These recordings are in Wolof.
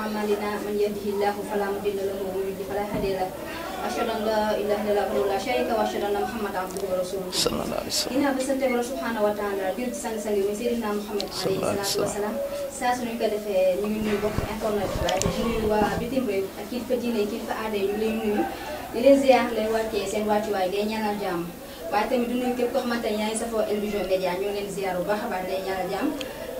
أعمالنا من يهده الله فلا مضل له ومن يضلل فلا هادي له أشهد أن لا إله إلا الله وحده لا شريك له وأشهد أن محمدا عبده ورسوله صلى الله عليه وسلم إنا بسنت بر سبحانه وتعالى بيرت سان سان يوم سيدنا محمد عليه الصلاة والسلام saa su ñu ko defee ñu ngi nuyu bokk internet waaye te ñu nuyu waa bitim réew ak kilifa diine kilifa aada yi ñu lay nuyu di leen ziar lay wàccee seen wàccuwaay day ñaanal jàmm waaye tamit du nuyu képp koo xamante ne yaa ngi safoo El Vision Médias ñu ngi leen ziar bu baax a baax day ñaanal jàmm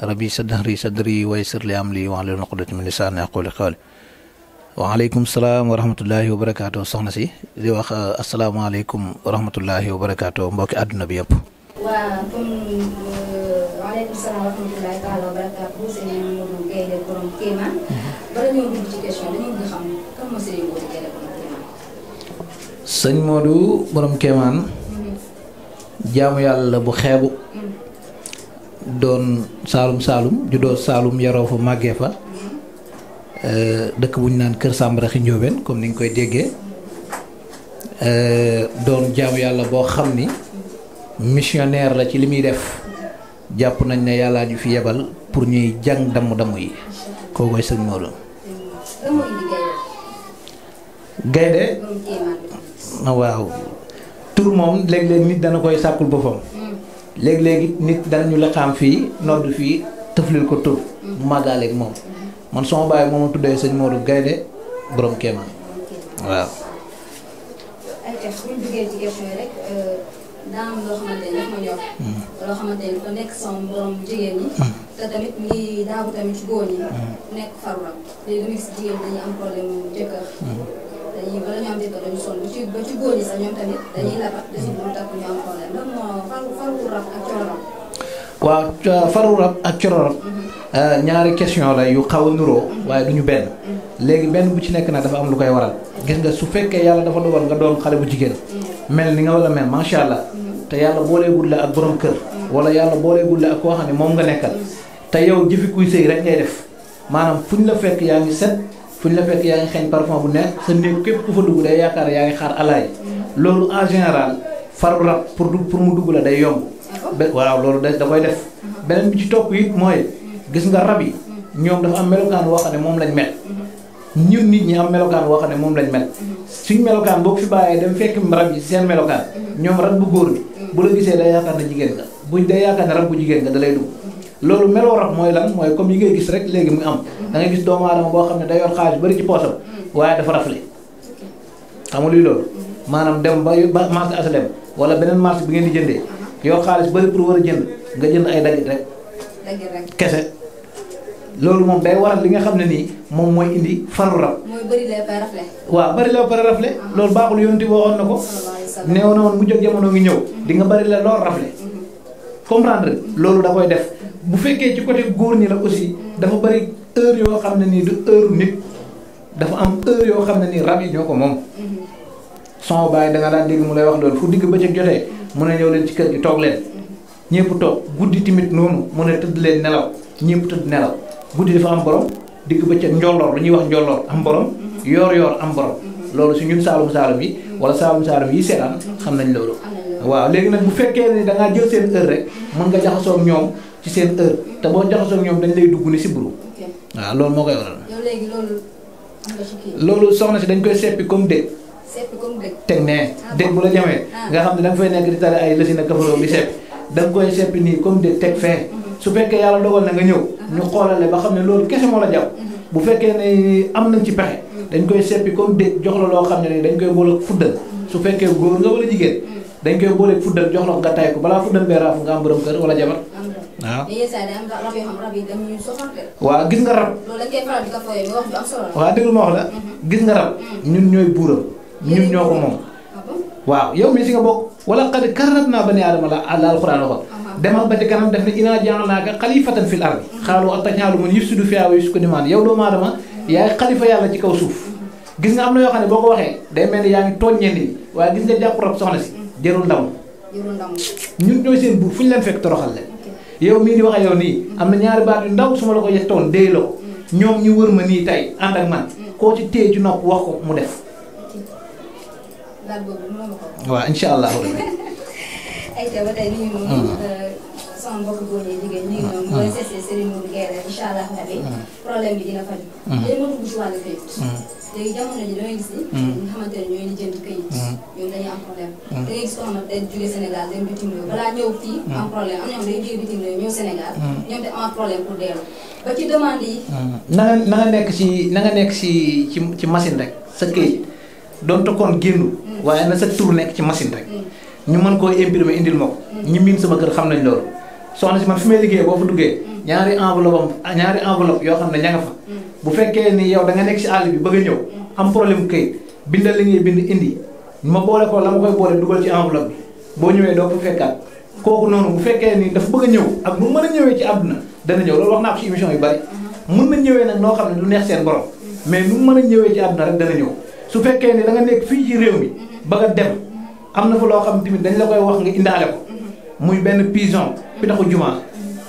ربي صدري صدري ويسر لي أملي واحلل عقدة من lisaani aquuli qawli waaleykum salaam wa rahmatullahi wa barakaatu soxna si di wax asalaamaaleykum wa rahmatullahi wa barakaatu mbokki àdduna bi yëpp. waaw comme waaleykum salaam wa rahmatullahi taala wa barakaatu sëñ Modou Gaynde borom Kéemaan. bala ñoo dugg ci question dañu bëgg xam kan moo sëñ Modou Gaynde borom Kéemaan. sëñ Modou borom Kéemaan. jaamu yàlla bu xeebu. don salum salum judo salum yaro fo magge fa euh eh, dekk buñ nan keur sambra xi ñoben comme ni nga koy déggee eh, doon jaamu yàlla boo xam ni missionnaire la ci limi def japp nañ ne yalla ñu fi yebal pour ñuy jang dam dam yi ko koy seug sëñ gaydé na waaw tour mom léeg-léeg nit dana koy sakul bofam léegi-léegi nit danañu la xam fii nodd fii tëflil ko tur bu màggaaleeg moom man sama bàyyi mooma tuddee sëñ Modou Gaynde boroom kéemaan waaw euh, daa am loo ne dafa ñor. Hmm. loo xamante ne dafa nekk hmm. tamit ngi góor ñi. Hmm. nekk faru la léegi da ngay jigéen dañuy am problème mu jëkkër. dañuy bala ñu am jëkkër dañu sonn ba ci ba ci góor ñi sax ñoom tamit dañuy labat de suite mu takk ñu am problème lan moo faru faru rab ak coro rab. waaw faru rab ak coro rab. ñaari question la yu xaw a nuroo waaye du ñu benn. léegi benn bu ci nekk nag dafa am lu koy waral. gis nga su fekkee yàlla dafa dogal nga doon xale bu jigéen. mel ni nga wala mel macha allah. te yàlla booleegul la ak borom kër. wala yàlla booleegul la ak koo xam ne moom nga nekkal. te yow jëfi kuy sëy rek ngay def maanaam fu ñu la fekk yaa ngi set fuñ la fekk yaa ngi xeeñ parfum bu neex sa néeg képp ku fa dugg day yaakaar yaa ngi xaar alaay loolu en général faru rab pour du pour mu dugg la day yomb be waaw loolu da da koy def beneen bi ci topp it mooy gis nga rab yi ñoom dafa am melokaan woo xam ne moom lañ mel ñun nit ñi am melokaan woo xam ne moom lañ mel suñ melokaan boo fi bàyyee dem fekk rab yi seen melokaan ñoom rab bu góor bi bu la gisee day yaakaar na jigéen nga buñ day yaakaar ne rab bu jigéen nga da lay dugg lolu meloo rab moy lan moy comme yi ngay gis rek léegi muy am da ngay gis doom adam bo xamne day yor xaj bari ci posam waye dafa rafle xam nga luy dem ba ba asa aslem wala benen marché bi ngeen di jëndee yo xaalis bari pour wara jënd nga jënd ay dagit rek kese lolu mom day waral li nga xam ni mom moy indi faru rap moy bari lay ba rafle wa bari lay ba rafle ah. lolu baaxul yonenti waxoon na ko na won mu jog jamono ngi ñew di nga bari la lool rafle mhm comprendre lolu da koy def bu fekke ci côté góor ni la aussi dafa bari heure yo ni du heure nit dafa am heure yo xam ni rabbi ñoko mom ñoo ko son bàyyi da nga daan dégg mu lay wax lolu fu digg ci jotee mu ne ñew leen ci kër gi tok leen ñepp tok guddi timit noonu mu ne tëdd leen nelaw ñepp tëdd nelaw guddi dafa am borom digg ci njolloor lu ñuy wax njolloor am borom yor-yor am borom lolu si ñun salum salum yi wala salum salum yi sétan xam nañ waaw léegi nag bu fekkee ni da ngaa seen heure rek mën nga jaxasoo ak ñoom ci seen heure te boo jaxasoo ñoom dañ lay dugg si buru waaw loolu moo koy waral. loolu soxna si dañ koy seppi comme dëkk. seppi comme dëkk. teg ne ah, dëkk bu la ñëwee. Ah. nga xam ne da nga fay nekk di bi seppi da nga koy nii comme dëkk teg fee. Mhm. su fekkee yàlla dogal na nga ñëw. Mhm. ñu xoolale ba xam ne loolu kese moo la jàpp. Mhm. bu fekkee ne am nañ ci pexe. dañ koy seppi comme dëkk jox la loo xam ne dañ koy boole fuddal su fekkee góor nga wala jigéen dañ koy boole fuddal jox la nga tay ko bala fuddal be raf nga am borom keur wala jabar wa ah. waaw gis nga rab wa déglu ma wax la mhm. gis nga rab mm. ñun ñoy buram ñun ñoo ko moom ah waaw yow mi ci nga bokk wala qad karramna bani adam ala alquran wa demal ba ci kanam def ni ina ka khalifatan fil ardi mhm. xaalu atañaalu mun yusudu fi wa yusku diman yow do ma adama mhm. yaay khalifa yalla ci kaw suuf gis nga am na yo xane boko waxe ko waxee day mel ni yaa ngi tooñ gis nga jàpp rab soxna ci jarul ndaw. jarul ndaw ñun ñooy seen buur fu ñu leen fekk toroxal leen. yow mii di wax ak nii. am na ñaari baat ndaw su ma la ko yettoon mm. ñoom ñu wër ma nii tey ànd ak man. Mm. koo ci téye ci wax ko mu def. waaw incha allah. sama mbokk góor ah, ah. Ah. ci wàllu këyit. léegi jamono ji damay gis ni. nga xamante bitim réew ñoom day ñoom dañu am problème pour dellu nekk ci ci ci ci machine rek sa kon génn. Hmm. waaye na sa tur nekk ci machine rek. Hmm. ñu mën koo imprimer indil ma ko. Hmm. ñi sama kër xam nañ loolu. soxna si man fi may liggéey boo fa duggee ñaari enveloppe ñaari enveloppe yoo xam ne ña nga fa bu fekkee ni yow danga nekk si àll bi bëgg a ñëw am problème këyit bindal li ngay bind indi ma boole ko la ma koy boole dugal ci enveloppe bi boo ñëwee doo ko fekkaat kooku noonu bu fekkee ni dafa bëgg a ñëw ak nu mën a ñëwee ci àdduna dana ñëw loolu wax naa ko ci émission yu bari mhm. mën na ñëwee nag noo xam ne lu neex seen borom mhm. mais nu mën a ñëwee ci àdduna rek ñëw su fekkee ni da nga nekk fii ci réew mi mhm. ba nga dem am na fa loo xam tamit dañ la koy wax nga indaale muy benn pigeon pitaxu juma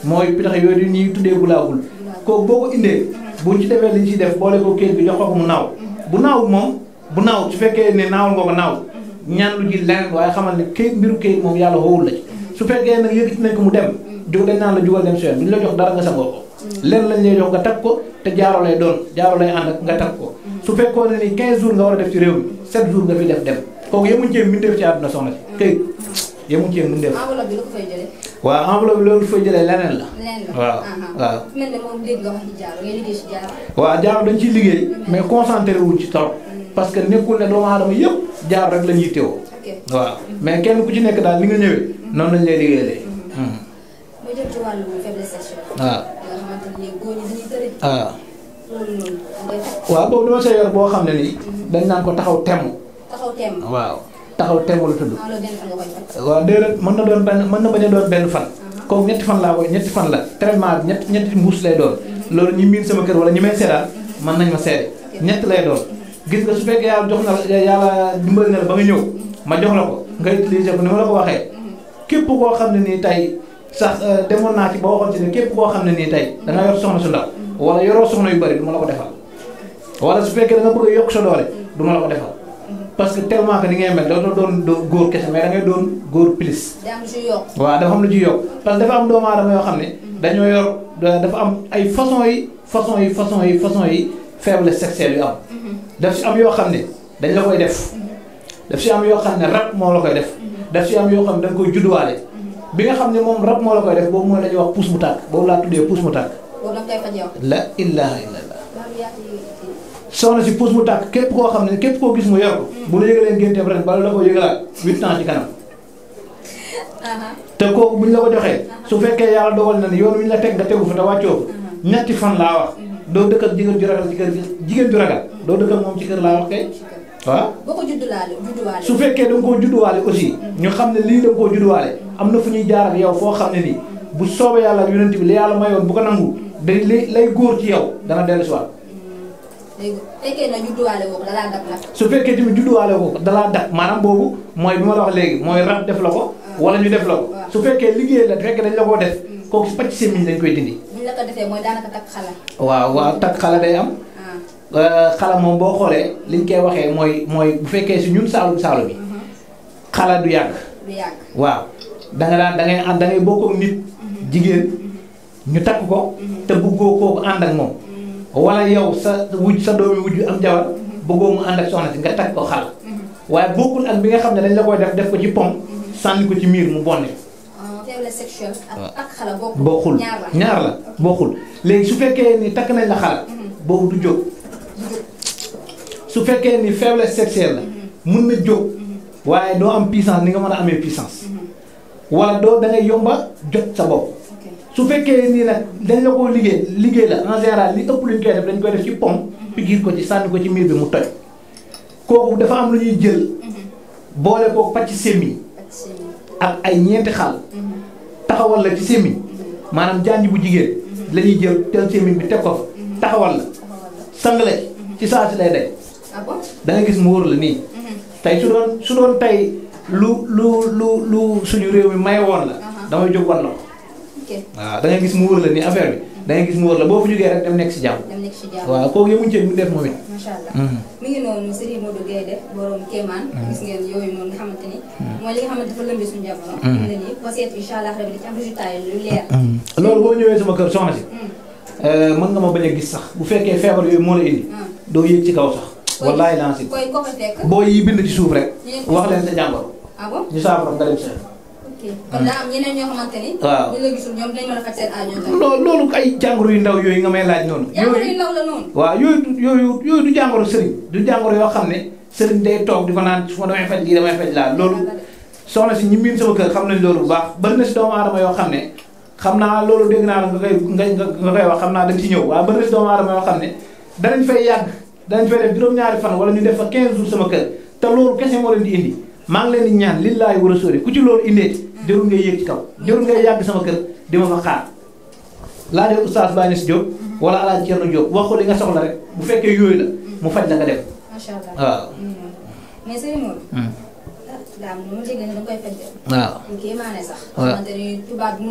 mooy pitax yooyu ñuy tuddee bulaawul kooku boo ko indee bu ci defee li ciy def boole ko kéel bi jox ko mu naaw bu naaw moom bu naaw su fekkee ne naawul ko naaw ñaan lu ji leneen waaye xamal ne këyit mbiru këyit moom yàlla woowul la ci su fekkee nag yëkkati nañ ko mu dem jóg dañ naan la jugal dem seen duñ la jox dara nga sangoo ko lenn lañ lay jox nga takk ko te jaaro lay doon jaaro lay ànd nga takk ko su fekkoon ne ni 15 jours nga war def ci réew mi 7 jours nga fi def dem kooku yemuñ cee mbindeef ci àdduna soxna yemu ci mu def enveloppe jëlee. waaw enveloppe bi loolu waaw dañ ciy liggéey. Mm-hmm. mais concentré wuñ ci trop. Mm-hmm. parce que nekkul ne doomu aadama yëpp jaar rek la ñuy waaw mm-hmm. mais kenn ku ci nekk daal ni nga ñëwee. noonu lañ lay liggéeyee. mu jëm ci wàllu waaw waaw. loolu noonu. waaw boobu yor boo xam ne nii. dañ naan ko taxaw temm. taxaw temm waaw. taxaw temm la tudd. waaw déedéet mën na doon benn mën na bañ a doon benn fan. Uh-huh. kooku ñetti fan laa koy ñetti fan la traitement bi ñetti ñetti mbuus lay doon. Uh-huh. loolu ñi miin sama kër wala ñi may seetaan uh-huh. man nañ ma seede ñett lay doon gis nga su fekkee yàlla jox na la yàlla dimbali na la ba nga ñëw ma jox la ko nga utiliser ko la ko waxee képp koo xam ne nii tey sax euh, demoon naa ci ba waxoon képp koo xam ne nii tey da nga yor soxna su ndaw wala yoroo soxna yu bari du ma la ko defal wala su fekkee da nga bëgg yokk sa doole du ma parce que tellement que ni ngay mel dootoo doon do, góor kese mais da ngay doon góor plus. daa am ju yokk. waaw dafa am lu ju yokk parce que dafa am doomu aadama yoo xam ne. Mhm. dañoo yor dafa am ay façon yi façon yi façon yi façon yi faible sexuelle yu am. Mhm. daf si am yoo xam ne dañ la koy def. Mhm. daf si am yoo xam ne rab moo la koy def. daf si am yoo xam ne dañ koy judduwaale. bi nga xam ne moom rab moo la koy def boobu mooy la ñuy wax pousse mu tàkk boobu laa tuddee puus mu tàkk. boobu la koy faj yow. la ilaha illallah soxna ci pos mu tak kep ko xamne kep ko gis mu yor ko bu la yëgalee ngénteem ren bala la ko yegala 8 ans ci kanam te ko buñ la ko joxe su fekke yalla dogal na yoon wiñ la tek nga teggu fa ta waccio ñetti fan la wax do dekk ak jigéen ju ragal ci kër jigéen ju ragal do dekk mom ci kër la wax kay waaw boo ko judduwaale judduwaale su fekke dang ko koo judduwaale aussi ñu xamne li dang ko nga koo judduwaale fu ñuy jaar ak yow fo xamne ni bu soobe yalla ak yonent bi li yalla mayoon bu ko nangul day lay góor ci yow dana delu dellusiwaat léegi fekkee na judduwaale ko su fekkee tamit judduwaale woo ko dalaa dab maanaam boobu mooy bi ma la wax léegi mooy rab def la ko. Ah. wala ñu def la ko. Ah. su fekkee liggéey la fekk dañ la koo def. Hmm. kooku si pàcc semiñ lañ koy dindi. mooy daanaka takk xala. waaw waaw takk xala day am. Ah. Euh, xala moom boo xoolee liñ koy waxee mooy mooy bu fekkee si ñun saalum saalum bi hmm. xala du yàgg. du yàgg waaw da nga daan da ngay da ngay nit. Hmm. jigéen ñu takk ko. te bëggoo kooku ànd ak moom. wala yow sa wujj sa doomi wujj am jabar bëggoo mu ànd ak soxna si nga takk ko xal mhm. waaye bokkul ak bi nga xam ne dañ la koy def def ko ci pom mhm. sànni ko ci miir mu boo ah, ah. xul ñaar la bokkul léegi su fekkee ni takk nañ la xala mhm. boobu du jóg su fekkee ni faiblesse sexuelle la mun na jóg waaye doo am puissance ni nga mën a amee puissance wala doo da ngay yomba jot sa bopp su fekkee nii nag dañ la koo liggéey liggéey la en général li ëpp luñ koy def dañ koy def ci pom pikiir ko ci sànni ko ci miir bi mu toj kooku dafa am lu ñuy jël boole ko pàcc semi ak ay ñeenti xaal taxawal la ci semi maanaam jànj bu jigéen la ñuy jël tel semi bi teg ko fa taxawal la sang ci saa si lay day ah da gis mu wóor la nii tey su doon su doon tey lu lu lu lu suñu réew mi may woon la uh-huh. damay jóg wan waaw da ngay gis mu wër la ni affaire bi da gis mu wër la boo fu jógee rek dem nekk si jàmm. waaw kooku yemuñu ceeb mu def moom it. macha mm-hmm. ngi noonu mm-hmm. gis ngeen yooyu noonu nga xamante ni. Mm-hmm. mooy li nga xamante dafa lëmbee loolu boo ñëwee sama kër soxna si. Euh, mën nga ma bañ a gis sax bu fekkee feebar yooyu moo la indi. doo yëg ci kaw sax. wallaay lancé. boo yi bind ci suuf rek. wax leen sa jàngoro. Ah ñu saafara nga dem seen kon daa am ñeneen ñoo a faj seen loolu ay jàngoro yu ndaw yooyu nga may laaj noonu. jàngoro yu ndaw la noonu. yooyu yooyu yooyu du jàngoro sëriñ du jàngoro yoo xam ne sëriñ day toog di ko naan su ma damay faj lii damay faj laa loolu soxna si ñi miin sama kër xam bu baax bari na si yoo xam ne xam naa loolu de naa la nga koy nga nga koy wax xam naa dañ ci ñëw waaye bari na si doomu aadama yoo xam ne danañ fay yàgg danañ fay def juróom-ñaari fan wala ñu def fa 15 jours sama kër te loolu kese moo leen di indi maa ngi leen di ñaan war a rasuuli ku ci loolu indee jërul ngay yéeg ci kaw jërul ngay yàgg sama kër di ma fa xaar laajal oustaz Baye Niass Diop wala alaaj Thierno Diop wax ko li nga soxla rek bu fekkee yooyu la mu faj la nga def. waaw.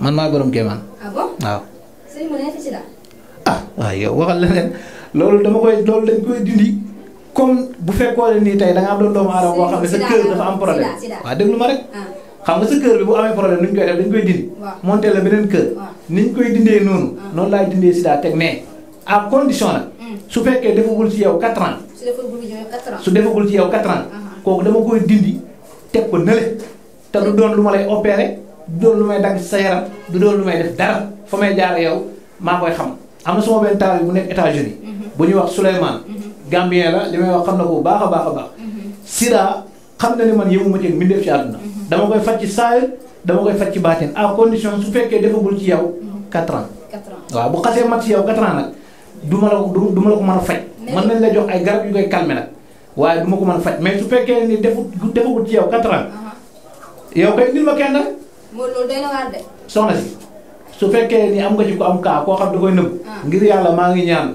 man maa borom kéemaan. Ah waaw. sëñ Maodo fi ci dara. ah waaw yow waxal leneen loolu dama koy loolu dañ koy dindi. comme bu fekkoo ne nii tey da am doon doomu aadama boo xam ne sa kër dafa am problème ah. xam nga sa kër bi bu amee problème nu ñu koy def dañ koy dindi monté la beneen kër ni koy dindee noonu ah. noonu laay dindee sida teg mais à condition nag hmm. su fekkee defagul ci yow 4 ans su defagul ci yow 4 ans ah. kooku dama koy dindi teg ko nële te du doon lu ma lay opéré du doon lu may dagg sa yaram du doon lu may def dara fa may jaar yow maa koy xam am na sama benn taal bu nekk États-Unis mhm. gambien la li may wax xamna ko baax a bax mhm. sida xamna ni man yewuma ci mbindeef ci aduna mhm. dama koy faj ci saayir dama koy faj ci batine a condition su fekke defagul ci yow 4 mhm. ans 4 ans wa bu xasse mat ci yow 4 ans nak duma la duma la ko mën a man mën nañ la jox ay garab yu koy calmer nak waye duma ko mën a mais su fekke ni defu defagul ci yow 4 ans yow kay nil ma kenn nak mo lo day na war de soxna ci su fekke ni am nga ci ko am ka ko xam da koy neub ah. ngir yalla ma ngi ñaan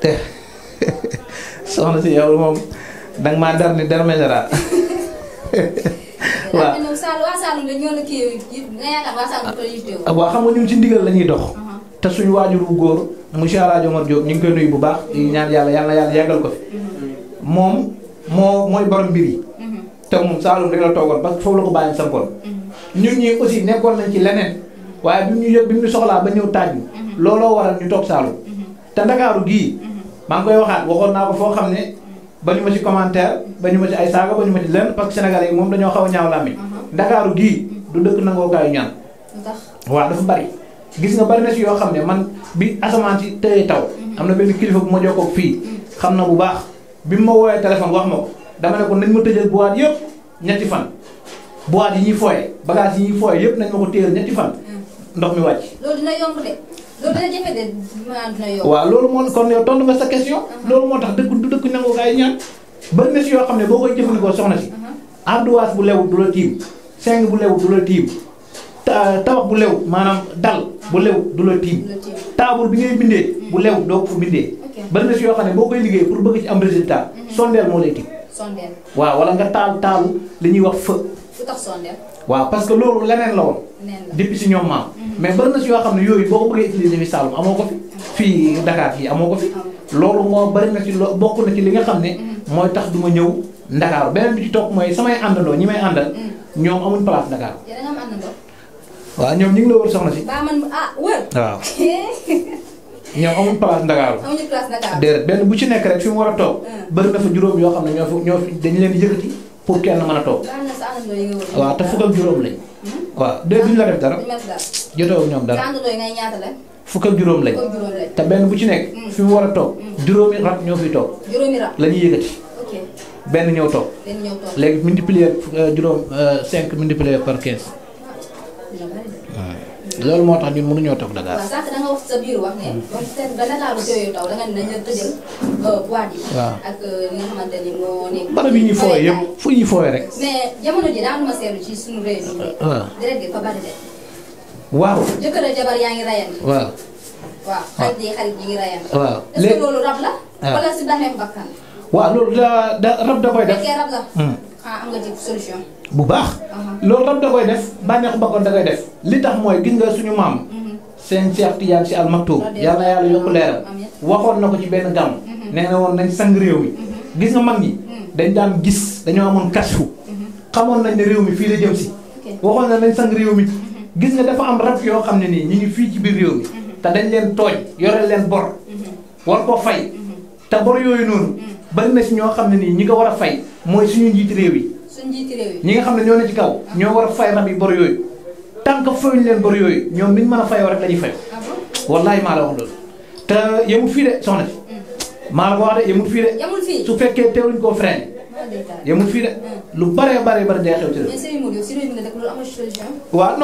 te soxna si yow moom danga maa dar ni dar mesara waaw waaw xam nga ñun ci ndigal la dox te suñu waajuru góor monsieur El Hadj Omar Diop ñu koy nuyu bu baax di ñaan ko mom mo moo borom mbir mhm. te moom Saalum rek la parce que foofu la ko bàyyi sampoon ñun mhm. ñii aussi nekkoon nañ ci leneen mhm. waaye bi ñu ba lolo waral ñu té ndakaaru gi ma mhm. ngi waxat waxon nako fo xamné bañu ma ci commentaire bañu ma ci ay saga bañu ma ci lenn parce que sénégal yi mom dañu xaw a ñaaw làmmiñ mhm. ndakaaru gi du dëkk nangookaayu ñaan waaw dafa bari gis nga bari na ci yo xamné man bi asaman ci téy taw mhm. amna na benn kilifa bu ma joko fi xamna bu baax bi ma woyé téléphone wax mako dama ne ko nañ ma tejeul boîte yépp ñetti fan boîte yi ñi fooye bagage yi ñi fooye yépp nañ mako téyel ñetti fan ndox mi wacc lolou dina yomb dé waaw loolu moo kon yow tontu nga sa question. Uh-huh. loolu moo tax dëkk du dëkk nangu gaay ñaan. bëri na si yoo xam ne boo koy jëfandikoo soxna si. Uh-huh. ardoise bu lew du la tiim. seng bu lew du la tiim. tabax bu lew maanaam dal bu lew du la tiim. taabul bi ngay bindee. bu mm-hmm. lew doo ko fa bindee. bëri na si yoo xam ne boo koy liggéey pour bëgg ci am résultat. Mm-hmm. sondeel moo lay tiim. sondeel waaw wala nga taal taalu li ñuy wax fë Wah, parce que loolu lenen la di depuis si ñoom maam. Mhm. mais bari na si yoo itu di yooyu boo ko bëggee utiliser fii Saloum amoo fi. Mhm. Dakar fi. Ah loolu moo bari na ci loo bokk na ci li nga xam ne. Mhm. mooy tax du ma ñëw Dakar beneen bi ci topp Anda samay àndandoo ñi may àndal. ñoom amuñ place Dakar. ngi la ah wër. waaw ñoom amuñ place Ndakaaru. amuñu place Ndakaaru. déedéet benn bu ci nekk rek fi mu war a toog. na fa juróom yoo ñoo fi pour kenn mën a toog. waaw te fukk juróom lañ. waaw de duñ la def dara. jotoo ak ñoom dara. fukk ak juróom lañ. te benn bu ci nekk. fi mu war a toog. juróomi rat ñoo fiy toog. juróomi rat benn ñëw toog. benn ñëw léegi multiplier euh, juróom 5 euh, multiplier par 15. loolu moo tax ñun mënuñoo toog Dakar. waaw sànq da nga wax sa biir wax ne. ba seen ba taw da nga ne dañu tëjal euh, yi. ak euh, li ni moo nekk. barab yi ñuy fooyee yëpp fooyee rek. mais jamono ji daanuma seetlu ci suñu réew mi. waaw deret gi fa bari de. waaw jëkkër ak jabar yaa ngi rayante. waaw. waaw ah. xarit yi xarit yi ngi rayante. waaw léegi est loolu rab la. Ah. wala si beneen bakkan. waaw loolu daa daa rab da koy def. fekkee rab la. Hmm. ah am nga ci solution. bu baax. Uh-huh. loolu tam da koy def bànneexu bakkoon da koy def li tax mooy gis nga suñu maam. Uh-huh. seen Cheikh Tidiane si almaktoum. yàlla na yàlla yokk leeral. waxoon na ko ci benn gàmm. Uh-huh. nee na woon nañ sang réew mi. gis nga mag ñi. dañ daan gis dañoo amoon kasfu. xamoon nañ ne réew mi fii la jëm si. waxoon na nañ sang réew mi. gis nga dafa am rab yoo xam ne nii ñu ngi fii ci biir réew mi. te dañ leen tooñ yore leen bor. war koo fay. te bor yooyu noonu. bari na si ñoo xam ne nii ñi ko war a fay mooy su njiiti réew yi. suñu njiiti réew yi ñi nga xam ne ñoo ne ci kaw. ñoo war a fay rab yi bor yooyu. tant que fayuñ leen bor yooyu ñoom niñ mën a fayoo rek la ñuy fay. Ah wallahi maa la wax loolu. te yemul fii soxna mm. maa wax de yemul fii de. yemul fii su fekkee teewluñ koo freiné. yemul fii de mm. lu bare bare bare day xew ci réew. mais sëñ Modou si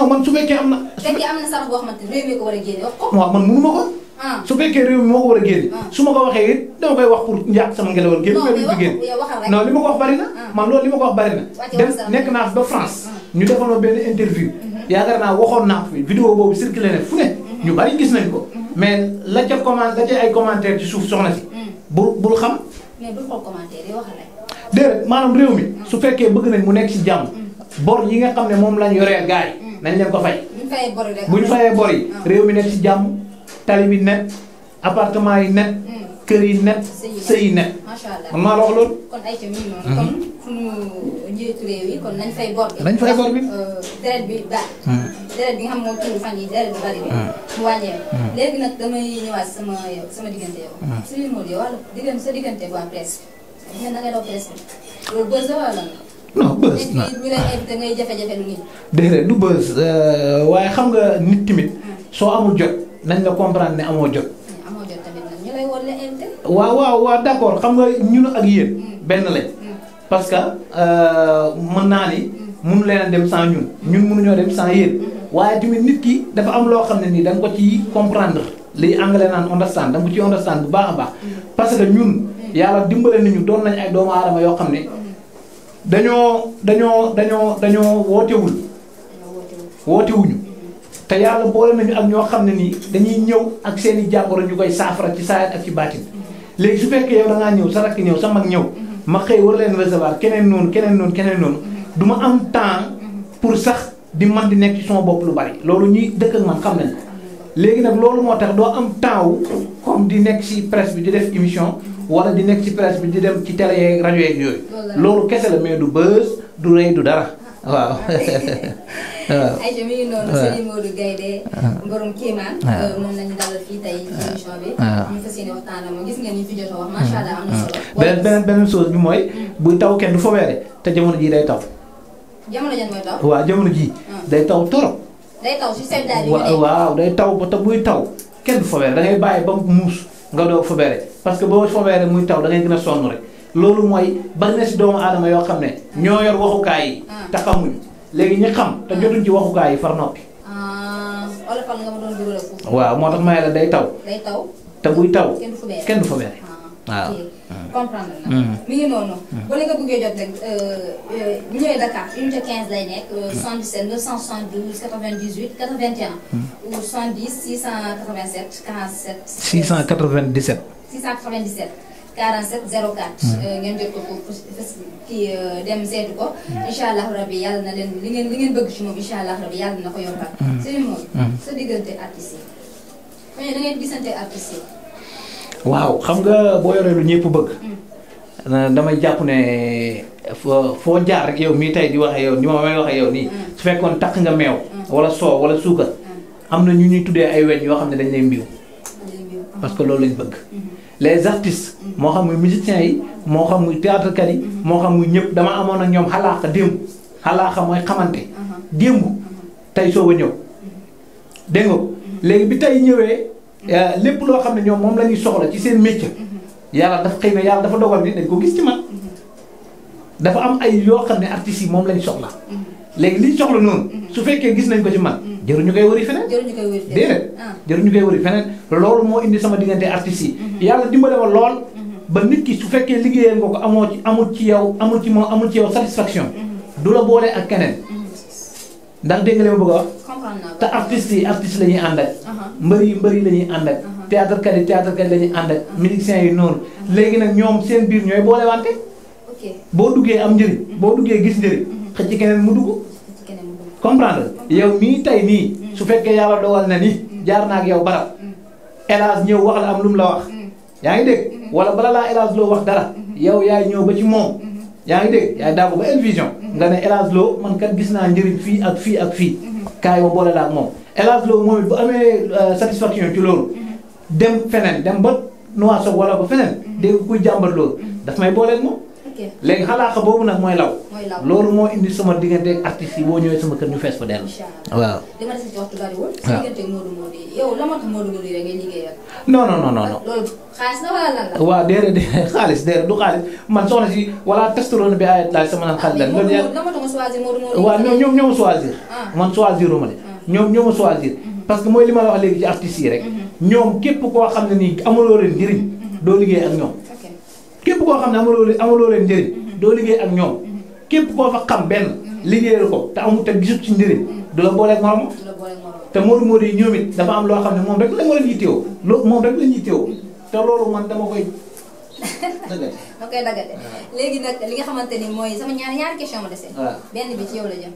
man su fekkee am na. su fekkee am xamante ne war a génne wax man mënu ma ko Ah. su fekkee réew mi moo ko war a génn ah. su ma ko waxee it dama koy wax pour njàpp sama ngelawal génn mais duñ ko génn non li ma wax bari na man li ma ko wax bari na ah. dem nekk naa ba France ñu defoon ma benn interview mhm. yaakaar naa waxoon naa fi vidéo boobu circulé na fu ne mhm. nañ ko mhm. mais la ca comment la ay commentaire ci suuf soxna si bul bul xam mais bul xool commentaire réew mi su fekkee bëgg nañ mu nekk ci jàmm bor yi nga xam ne moom lañ yore gars yi nañ leen ko fay buñ fayee bor yi réew mi nekk si jàmm tali bi net appartement yi net hmm. kër yi net yi net la wax kon ay ca mhm. kon suñu njiitu réew yi kon nañ fay bor bi nañ fay bor bi deret bi baax deret bi nga xam moom tudd fan yi deret bi bari bi mu wàññeeku léegi nag damay ñëwaat sama sama diggante yow Serigne Modou yow wàllu diggante sa diggante waa presse ñeen da ngay daw presse bi loolu wala non na nañ la comprendre ne amoo jot. Hmm, amoo jot tamit waaw waaw waaw d' accord xam nga ñun ak yéen. Hmm. benn lañ. Hmm. parce que euh, mën naa ni. mënu leen a dem sans ñun. ñun mënuñoo dem sans yéen. waaye tamit nit ki dafa am loo xam ne nii da ko ci comprendre. li anglais naan understand da nga ko ci understand bu baax a baax. parce que ñun. yàlla dimbale nañu doon nañ ay doomu aadama yoo xam ne. dañoo dañoo dañoo dañoo wootewul. wootewuñu. te yàlla boole nañu ak ñoo xam ne nii dañuy ñëw ak seen i jàngoro ñu koy saafara ci saayat ak ci baatin léegi su fekkee yow da ñëw sa rakk ñëw sa mag ñëw ma xëy war leen recevoir keneen noonu keneen noonu keneen noonu du ma am temps pour sax di man di nekk ci sama bopp lu bari loolu ñuy dëkk ak man xam na ni léegi nag loolu moo tax doo am temps wu comme di nekk ci presse bi di def émission wala di nekk ci presse bi di dem ci télé yeeg rajo yooyu loolu kese la mais du bës du rëy du dara waaw waaw ayca mi noonu Serigne Modou Gaynde borom Kéemaan euh, moom lañu dalal fii tey a wax macha allah am na beneen beneen beneen bi mooy hmm. buy taw kenn du fa te jamono jii day taw jamono waaw jamono ji hmm. day taw torop day taw si seen daal waaw day taw ba taw kenn du fa weere da ngay bàyyi ba mu muus nga doog fa parce que boo fa muy taw da ngay gën a sonn rek loolu mooy bari na si doomu adama yoo xam ne ñoo yor waxukaay yi. Ah. te xamuñu léegi ñi xam te jotuñ ci waxukaay yi far noppi. Ah, olofal waaw moo tax may la day taw. day te buy taw. kenn du fa mere ah, waaw comprendre na. Mm-hmm. mi ngi noonu. ba li nga jot rek euh, euh, bu ñëwee Dakar unité 15 lay nekk. 77 972 98 81. ou 70 687 47. 697. 697. 47 04 hmm. eh, ngeen jot ko pour kii eh, dem seetu ko incha allah rabi na len li ngeen li ngeen bëgg ci moom incha allah na ko yombal hmm. sëriñ moom hmm. sa diggante artiste yi da ngeen gisante artiste yi waaw xam nga boo yoree lu ñëpp bëgg damay jàpp ne foo jaar rek yow mii tey di waxe yow ni ma may waxe yow nii su nga wala so wala suukar am na ñu ñuy tuddee ay weñ yoo xam dañ lay mbiw parce que loolu lañ les artistes moo xam muy musiciens yi moo xam muy théâtre kat moo xam muy ñëpp dama amoon ak ñoom xalaaxa démb xalaaxa mooy xamante uh-huh. démb tey soog a ñëw dégg uh-huh. léegi bi tey ñëwee euh, lépp loo xam ne ñoom moom la ñuy soxla ci seen métier uh-huh. yàlla dafa xëy na yàlla dafa dogal ni dañ ko gis ci man dafa am ay yoo xam ne artistes yi moom lañ soxla léegi liñ soxla noonu su fekkee gis nañ ko ci man jëruñu koy wëri feneen. jëruñu koy wëri feneen déedéet. Ah. jëruñu koy wëri feneen loolu moo indi sama diggante artistes yi. Mm-hmm. yàlla dimbale ma lool. Mm-hmm. ba nit ki su fekkee liggéeyal nga ko amoo ci amul ci yow amul ci moom amul ci yow satisfaction. Mm-hmm. du la boole ak keneen. ndax dégg nga li ma bëgg a wax. te artistes yi artistes lañuy ñuy ànd ak. mbëri yi mbëri la ñuy ànd uh-huh. ak. Uh-huh. théâtre kat yi théâtre kat ànd ak. Uh-huh. musiciens yi noonu. léegi nag ñoom seen biir ñooy boolewante. ok boo duggee am njëriñ. boo duggee gis njëriñ. xëcc keneen mu dugg comprendre yow mii tey nii su fekkee yàlla dogal na ni jaar naa ak yow barab hélas ñëw wax la am lu la wax yaa ngi dégg wala bala laa hélas loo wax dara yow yaay ñëw ba ci moom yaa ngi dégg yaay daagu ba El Vision nga ne hélas loo man kat gis naa njëriñ fii ak fii ak fii kaay ma boole la ak moom hélas loo moom it bu amee euh, satisfaction ci loolu dem feneen dem ba noa soog wala ba feneen dégg kuy jàmbat loolu daf may booleel moom léegi xalaaxa boobu nag mooy law. loolu moo indi sama digganteeg artistes yi boo ñëwee sama kër ñu fees fa dellu. waaw li ma des ci waxtu bariwul. waaw sa digganteeg Modou Modou yi yow la ma tax Modou Modou yi rek du xaalis man soxna si wala testoron bi ayat laay sama naan xaalis lan. loolu yàlla dama ñoom ñoom ñoo choisir. Ah. man choisiruma de. Ah. ñoom ñoo choisir. Mhm. parce que mooy li ma la wax léegi ci artistes yi rek. Mhm. ñoom képp koo xam ne nii amuloo leen njëriñ mhm. doo liggéey ak ñoom képp koo xam ne amaloo leen amaloo leen njëriñ mm-hmm. doo liggéey ak ñoom mm-hmm. képp koo fa xam benn liggéeyal ko te amul te gisut ci njëriñ du la booleeg morom te Modou Modou yi ñoom it dafa am loo xam ne moom rek la moo leen yittewoo loo moom rek la ñu yittewoo te loolu man dama koy dagate dama koy dagate léegi nag li nga xamante ni mooy sama ñaar ñaari question ma dese benn bi ci yow la jëm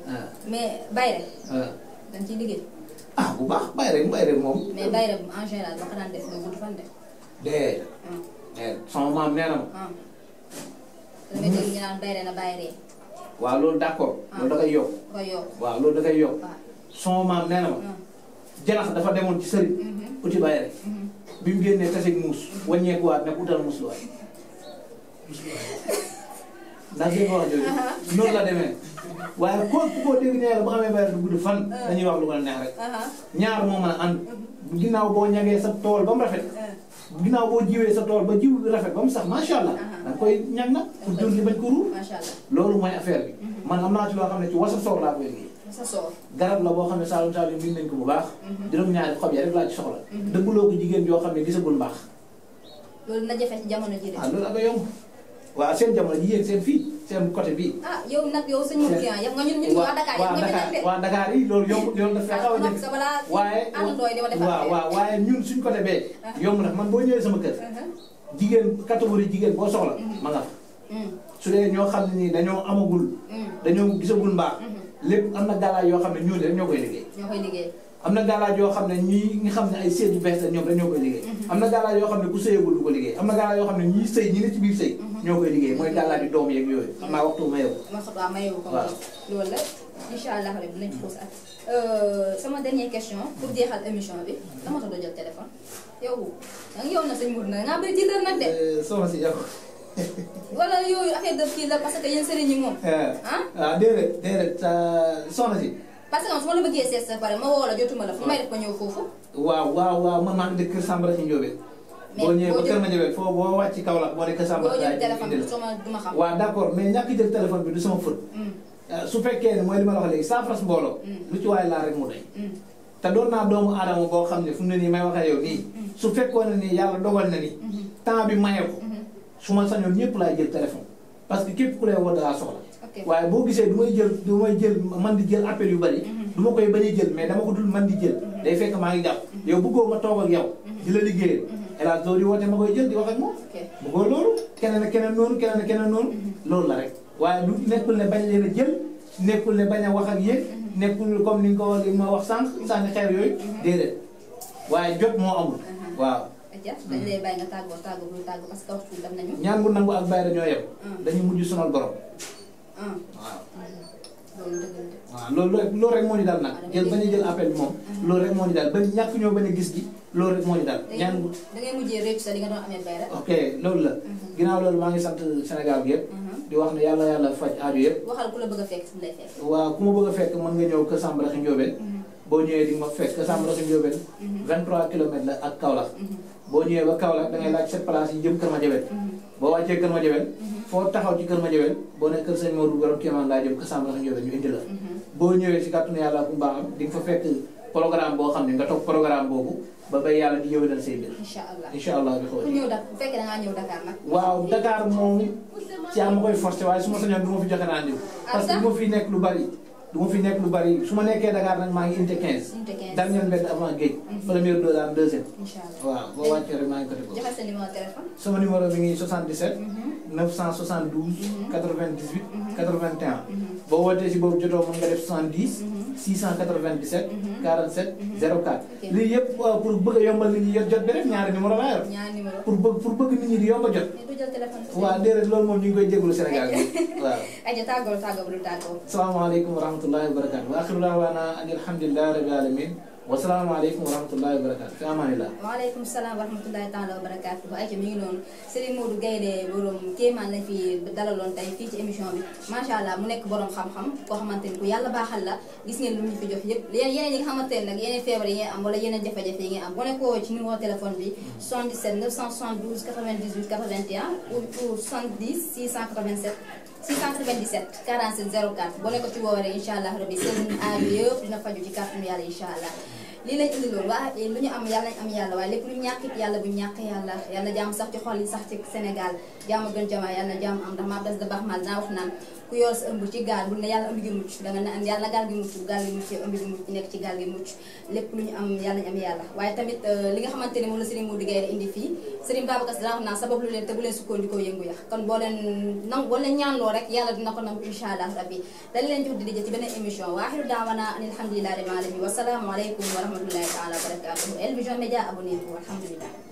mais bàyyi rek dañ ah, bu baax bàyyi moom mais bàyyi rek en général ba ko daan def nga gudd fan de ma. dama ah. dégg waaw loolu d'accord. Ah. loolu da koy yokk. da da koy yokk. son maam nee na ma. Ah. janax dafa demoon ci sëriñ. uti mhm. bayre. Mhm. bi mu génnee tase muus. Mhm. wàññeekuwaat nag utal muus waay. ndax dégg nga wax jooju. noonu la demee waaye koo koo dégg ñaar ba lu ko neex rek. ñaar moo mën a ànd. ginnaaw boo ñagee sa tool ba mu rafet. ginnaaw boo jiwee sa tool ba jiw bi rafet ba mu sax macha allah. da nga koy ñag nag pour jur gi bañ ko ruur. loolu mooy affaire bi. Mhm. man am naa ci loo xam ne ci wasa soor laa koy liggéey. wasa garab la boo xam ne saalum saalum bind nañ ko bu baax. Mhm. juróom-ñaari xob ya rek laa ci soxla. Mhm. dëgguloo ko jigéen yoo xam ne gisagul mbaax. loolu na jafe jamono ji de. ah loolu yomb. waaw seen jamono ji yéen seen fii seen côté bii. ah yow nag yow sëñ Moussa yam nga ñun ñun waa Dakar yam nga ñu waa Dakar yi loolu yomb yoon dafa xaw a jafe ah, waaye waaw waaw waaye ñun suñ côté bee ah. yomb nag man boo ñëwee sama kër uh-huh. jigéen catégorie jigéen boo soxla mm-hmm. ma nga mm. su dee ñoo xam ne nii dañoo amagul mm. dañoo gisagul mbaa mm-hmm. lépp am na galaay yoo xam ne ñoo de ñoo koy liggéey am na galaaj yoo xam ne ñi nga xam ne ay seet yu bees la ñoom dañoo koy liggéey mm-hmm. am na galaaj yoo xam ne ku sëyagul du ko liggéey am na galaaj yoo xam ne ñi sëy ñi ne ci biir sëy mm-hmm. ñoo koy liggéey mooy galaaj yu doom yeeg yooyu xam mm-hmm. naa waxtu mayewu waaw mayewu ko loolu la incha allah rek dinañ xuus euh, sama dernière question pour jeexal émission bi dama tax doo jël téléphone yow danga yow na sëñ Mourou na ngaa bëri ci dër nag de soxna si yi parce que man su ma la bëggee seet sa pare ma woo la jotuma la fu may def ba ñëw foofu. waaw waaw waaw man maa ngi dëkk Kër Sambara ci Ndiobène. mais boo jël boo ñëwee ba Kër Madiabel foo boo wàcc Kaolack boo nekk Sambara. boo jël téléphone bi du ma xam. waaw d' accord mais ñàkk jël téléphone bi du sama mm. euh, su fekkee ne mooy li ma la wax léegi saa fas mbooloo. Mm. lu ci waay laa rek mu doy. Mm. te doon naa doomu aadama koo xam ne fu mu ne nii may wax ak yow nii. su fekkoon ne nii yàlla dogal na mm-hmm. mm-hmm. ñëpp laay jël téléphone. parce que képp ku lay woo waaye boo gisee du may jël du may jël man di jël appel yu bari. Mhm. du ma koy bañ a jël mais dama ko dul man di jël. Mhm. day fekk maa ngi jàpp. Mhm. yow bëggoo ma toog ak yow. di la liggéeyal. hélas loolu di woote ma koy jël di wax ak moom. bëggoo loolu. keneen ak keneen noonu keneen ak keneen noonu. loolu la rek waaye du nekkul ne bañ leen a jël nekkul ne bañ a wax ak yéen. nekkul comme ni nga ko waxee ma wax sànq sànni xeer yooyu. déedéet waaye jot moo amul. waaw. dañ lay bàyyi nga tàggoo tàggoo bu tàggoo parce que waxtu bi dem nañu. ñaan bu nangu ak Lorek loolu loolu rek moo ñu daal nag jël bañ a jël appel moom loolu rek moo ñu daal ba ñàkk ñoo bañ a gis gi loolu rek moo ñu da ngay mujjee rëcc sa li nga doon amee rek ok loolu la mhm. ginnaaw loolu maa ngi sant Sénégal bi yëpp mhm. di wax ne yàlla yàlla faj aaju yëpp waxal ku la bëgg a fekk fu lay fekk waaw ku ma bëgg a fekk mën nga ñëw mhm. boo ñëwee di ma fekk kër Samba Raxi Njóobeen 23 kilomètres la ak Kaolack boo ñëwee ba Kaolack da ngay laaj sept place yi jëm kër ma boo wàccee kër ma foo taxaw ci kër ma boo ne kër sëñ Modou Borom Kéemaan laa jëm kër Samba Raxi ñu indi la boo ñëwee si kàttanu yàlla ak mbaaxam di nga fa fekk programme boo xam ne nga toog programme boobu ba bay yàlla di yëwénal say mbir. incha allah incha allah bi xool. da waaw Dakar moom ci am ma koy forcé waaye su ma sañoon du ma fi joxe naa ah, parce que du fi nekk lu bari. du fi nek lu bari suma nekké nekkee Dakar nag maa ngi unité 15. unité 15 dernier mbedd avant géej. première dose am deuxième. inshallah allah waaw boo wàccee rek ma ngi ko boobu. joxe sa numéro téléphone. suma numéro bi ngi 77. 972. 98. 81. bo wootee si bobu jotto mo nga def 70. 697. 47. 04. lii yëpp euh, pour bëgg yombal nit ñi jot bi ñaari numéro laa yor. ñaari numéro pour bëgg pour bëgg nit ñi di yomb jot. rahmatullahi wa barakatu wa axiru daawaana an alhamdulilahi rabbil alamin wasalaamaaleykum wa rahmatullahi wa barakatu fi amaanillah waaleykum salaam wa rahmatullahi taala wa barakatu ayca mi ngi noonu Serigne Modou Gaynde borom kéemaan la fi dalaloon tey fii ci émission bi macha allah mu nekk borom xam-xam koo xamante ni ku yàlla baaxal la gis ngeen lu ñu fi jox yëpp yeneen yi nga xamante ne nag yeneen feebar yi ngeen am wala yeneen jafe-jafe yi ngeen am boo nekkoo ci numéro téléphone bi 77 972 98 81 ou 70 687 697 47 04 boo nekk ci woowaree incha allah rabbi seen aajo yëpp dina faju ci kàttanu yàlla incha allah lii waa lu ñu am yàlla nañ am yàlla waaye lépp lu ñàkk it yàlla bu ñàkk yàlla jaam sax ci yi sax ci Sénégal jaam a gën jamaa yàlla jaam am ndax maa bes da baax mal naa wax ku yor sa ëmb ci gaal bu ne yàlla ëmb gi mucc danga ne am yàlla gaal gi mucc gaal gi mucc ëmb gi mucc nekk ci gaal gi mucc lépp lu ñu am yàlla ñu am yàlla waaye tamit euh, li nga xamante ni moom la Serigne Modou Gueye indi fii Serigne Babacar Sy dana wax naa sabab lu leen te bu leen sukkandikoo yëngu yax kon boo leen nangu boo leen ñaanloo rek yàlla dina ko nangu incha allah rabbi dañ leen jox di daje ci beneen émission waaxiru daawana an alhamdulillahi rabbil alamin wasalaamu aleykum wa rahmatullahi taala wa barakatuhu El Vision Médias abonné alhamdulillah